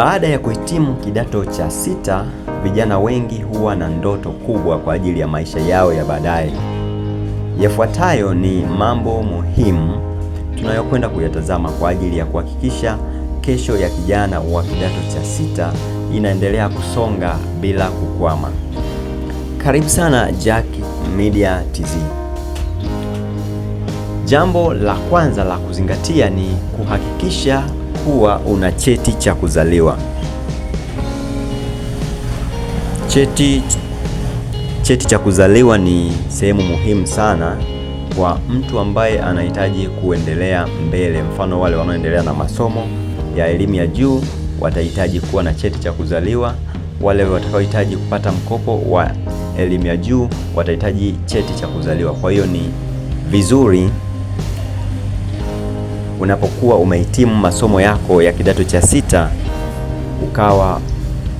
Baada ya kuhitimu kidato cha sita, vijana wengi huwa na ndoto kubwa kwa ajili ya maisha yao ya baadaye. Yafuatayo ni mambo muhimu tunayokwenda kuyatazama kwa ajili ya kuhakikisha kesho ya kijana wa kidato cha sita inaendelea kusonga bila kukwama. Karibu sana Jack Media TZ. Jambo la kwanza la kuzingatia ni kuhakikisha kuwa una cheti cha kuzaliwa. Cheti, cheti cha kuzaliwa ni sehemu muhimu sana kwa mtu ambaye anahitaji kuendelea mbele. Mfano, wale wanaoendelea na masomo ya elimu ya juu watahitaji kuwa na cheti cha kuzaliwa. Wale watakaohitaji kupata mkopo wa elimu ya juu watahitaji cheti cha kuzaliwa. Kwa hiyo ni vizuri unapokuwa umehitimu masomo yako ya kidato cha sita ukawa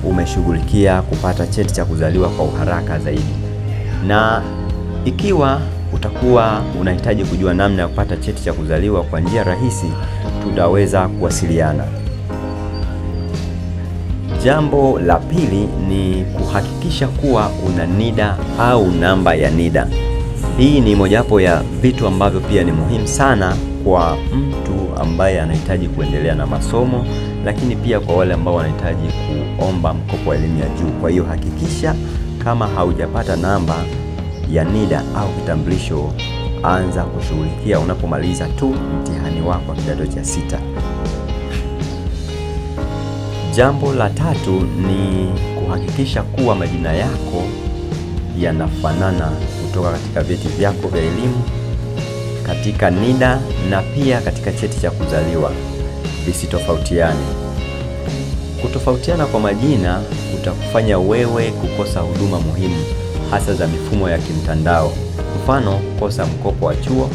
umeshughulikia kupata cheti cha kuzaliwa kwa uharaka zaidi. Na ikiwa utakuwa unahitaji kujua namna ya kupata cheti cha kuzaliwa kwa njia rahisi, tutaweza kuwasiliana. Jambo la pili ni kuhakikisha kuwa una NIDA au namba ya NIDA. Hii ni mojawapo ya vitu ambavyo pia ni muhimu sana kwa mtu ambaye anahitaji kuendelea na masomo, lakini pia kwa wale ambao wanahitaji kuomba mkopo wa elimu ya juu. Kwa hiyo hakikisha kama haujapata namba ya NIDA au kitambulisho, anza kushughulikia unapomaliza tu mtihani wako wa kidato cha sita. Jambo la tatu ni kuhakikisha kuwa majina yako yanafanana kutoka katika vyeti vyako vya elimu katika NIDA na pia katika cheti cha kuzaliwa visitofautiane. Kutofautiana kwa majina kutakufanya wewe kukosa huduma muhimu hasa za mifumo ya kimtandao, mfano kukosa mkopo wa chuo,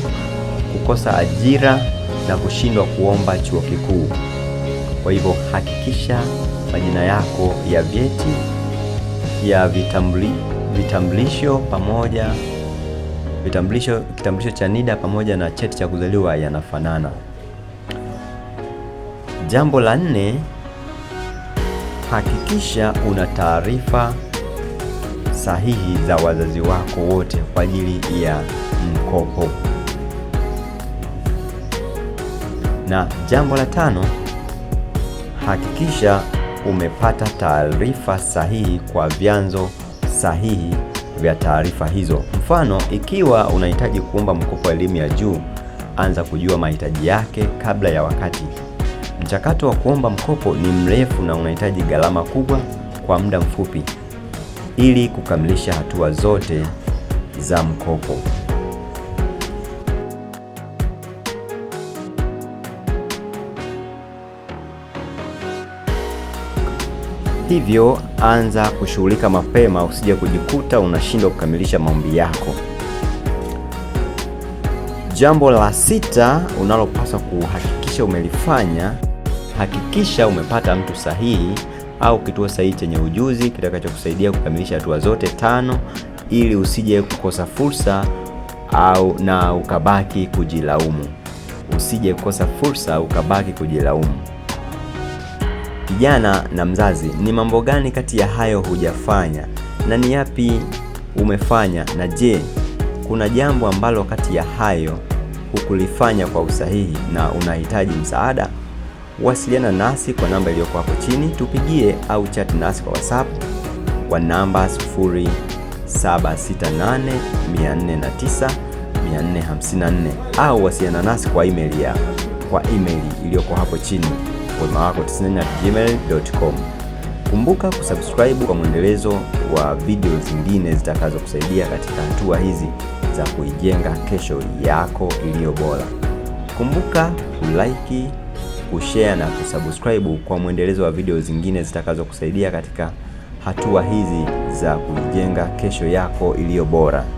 kukosa ajira na kushindwa kuomba chuo kikuu. Kwa hivyo hakikisha majina yako ya vyeti ya vitambulisho pamoja vitambulisho, kitambulisho cha NIDA pamoja na cheti cha kuzaliwa yanafanana. Jambo la nne, hakikisha una taarifa sahihi za wazazi wako wote kwa ajili ya mkopo. Na jambo la tano, hakikisha umepata taarifa sahihi kwa vyanzo sahihi vya taarifa hizo. Mfano, ikiwa unahitaji kuomba mkopo wa elimu ya juu, anza kujua mahitaji yake kabla ya wakati. Mchakato wa kuomba mkopo ni mrefu na unahitaji gharama kubwa kwa muda mfupi ili kukamilisha hatua zote za mkopo. hivyo anza kushughulika mapema, usije kujikuta unashindwa kukamilisha maombi yako. Jambo la sita unalopaswa kuhakikisha umelifanya, hakikisha umepata mtu sahihi au kituo sahihi chenye ujuzi kitakachokusaidia kukamilisha hatua zote tano, ili usije kukosa fursa au na ukabaki kujilaumu. Usije kukosa fursa ukabaki kujilaumu kijana na mzazi, ni mambo gani kati ya hayo hujafanya na ni yapi umefanya? Na je, kuna jambo ambalo kati ya hayo hukulifanya kwa usahihi na unahitaji msaada? Wasiliana nasi kwa namba iliyoko hapo chini, tupigie au chat nasi kwa WhatsApp kwa namba 0768409454 au wasiliana nasi kwa email ya kwa email iliyoko hapo chini wemawako94@gmail.com. Kumbuka kusubscribe kwa mwendelezo wa video zingine zitakazokusaidia katika hatua hizi za kuijenga kesho yako iliyo bora. Kumbuka kulike, kushare na kusubscribe kwa mwendelezo wa video zingine zitakazokusaidia katika hatua hizi za kuijenga kesho yako iliyo bora.